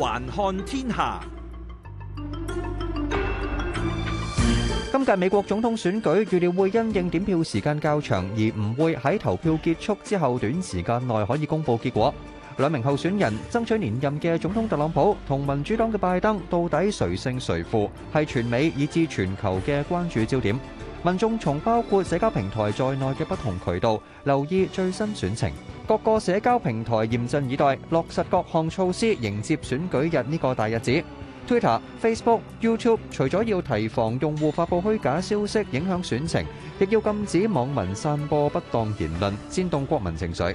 還看天下。今屆美國總統選舉預料會因應點票時間較長，而唔會喺投票結束之後短時間內可以公布結果。兩名候選人爭取連任嘅總統特朗普同民主黨嘅拜登，到底誰勝誰負，係全美以至全球嘅關注焦點。民眾從包括社交平台在內嘅不同渠道留意最新選情，各個社交平台嚴陣以待，落實各項措施迎接選舉日呢個大日子。Twitter、Facebook、YouTube 除咗要提防用戶發佈虛假消息影響選情，亦要禁止網民散播不當言論，煽動國民情緒。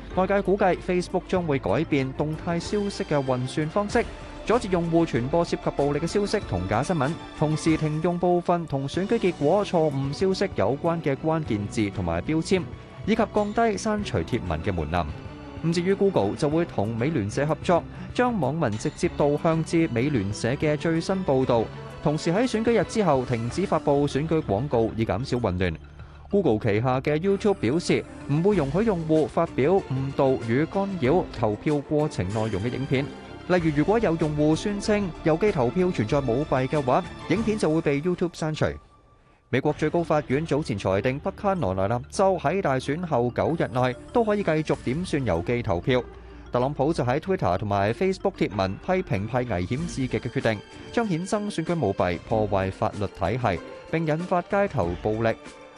外界估計 Facebook 將會改變動態消息嘅運算方式，阻止用戶傳播涉及暴力嘅消息同假新聞，同時停用部分同選舉結果錯誤消息有關嘅關鍵字同埋標籤，以及降低刪除貼文嘅門檻。至於 Google 就會同美聯社合作，將網民直接導向至美聯社嘅最新報導，同時喺選舉日之後停止發布選舉廣告，以減少混亂。Google 旗下嘅 YouTube 表示唔會容許用戶發表誤導與干擾投票過程內容嘅影片。例如，如果有用戶宣稱郵寄投票存在舞弊嘅話，影片就會被 YouTube 刪除。美國最高法院早前裁定，北卡羅來納州喺大選後九日內都可以繼續點算郵寄投票。特朗普就喺 Twitter 同埋 Facebook 貼文批評派危險至極嘅決定，將衍生選舉舞弊、破壞法律體系，並引發街頭暴力。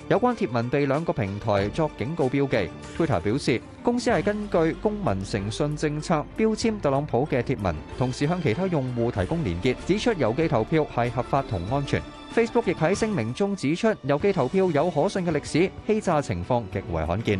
有關貼文被兩個平台作警告標記，Twitter 表示公司係根據公民誠信政策標籤特朗普嘅貼文，同時向其他用戶提供連結，指出郵寄投票係合法同安全。Facebook 亦喺聲明中指出郵寄投票有可信嘅歷史，欺詐情況極為罕見。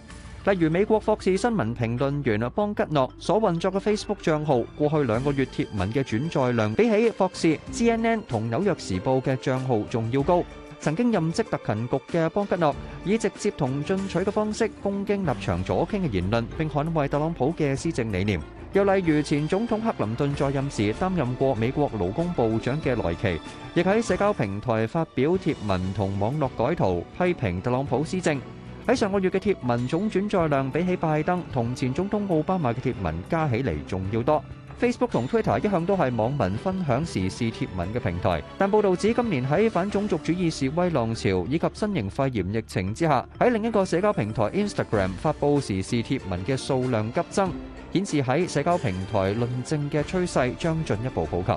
例如美國《霍士》新聞評論員啊邦吉諾所運作嘅 Facebook 賬號，過去兩個月貼文嘅轉載量，比起《霍士》、《CNN》同《紐約時報》嘅賬號仲要高。曾經任職特勤局嘅邦吉諾，以直接同進取嘅方式攻擊立場左傾嘅言論，並捍衛特朗普嘅施政理念。又例如前總統克林頓在任時擔任過美國勞工部長嘅萊奇，亦喺社交平台發表貼文同網絡改圖，批評特朗普施政。喺上個月嘅貼文總轉載量比起拜登同前總統奧巴馬嘅貼文加起嚟仲要多。Facebook 同 Twitter 一向都係網民分享時事貼文嘅平台，但報道指今年喺反種族主義示威浪潮以及新型肺炎疫情之下，喺另一個社交平台 Instagram 發佈時事貼文嘅數量急增，顯示喺社交平台論證嘅趨勢將進一步普及。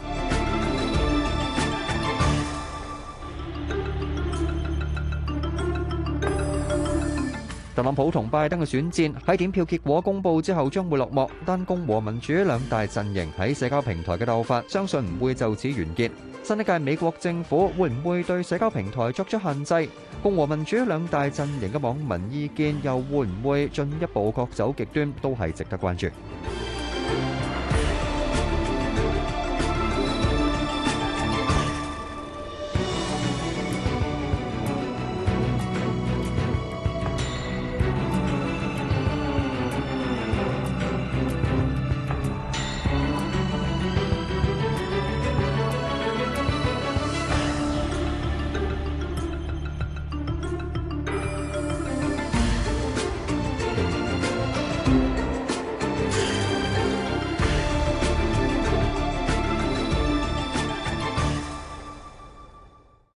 特朗普同拜登嘅選戰喺點票結果公布之後將會落幕，但共和民主兩大陣營喺社交平台嘅鬥法相信唔會就此完結，新一屆美國政府會唔會對社交平台作出限制，共和民主兩大陣營嘅網民意見又會唔會進一步各走極端，都係值得關注。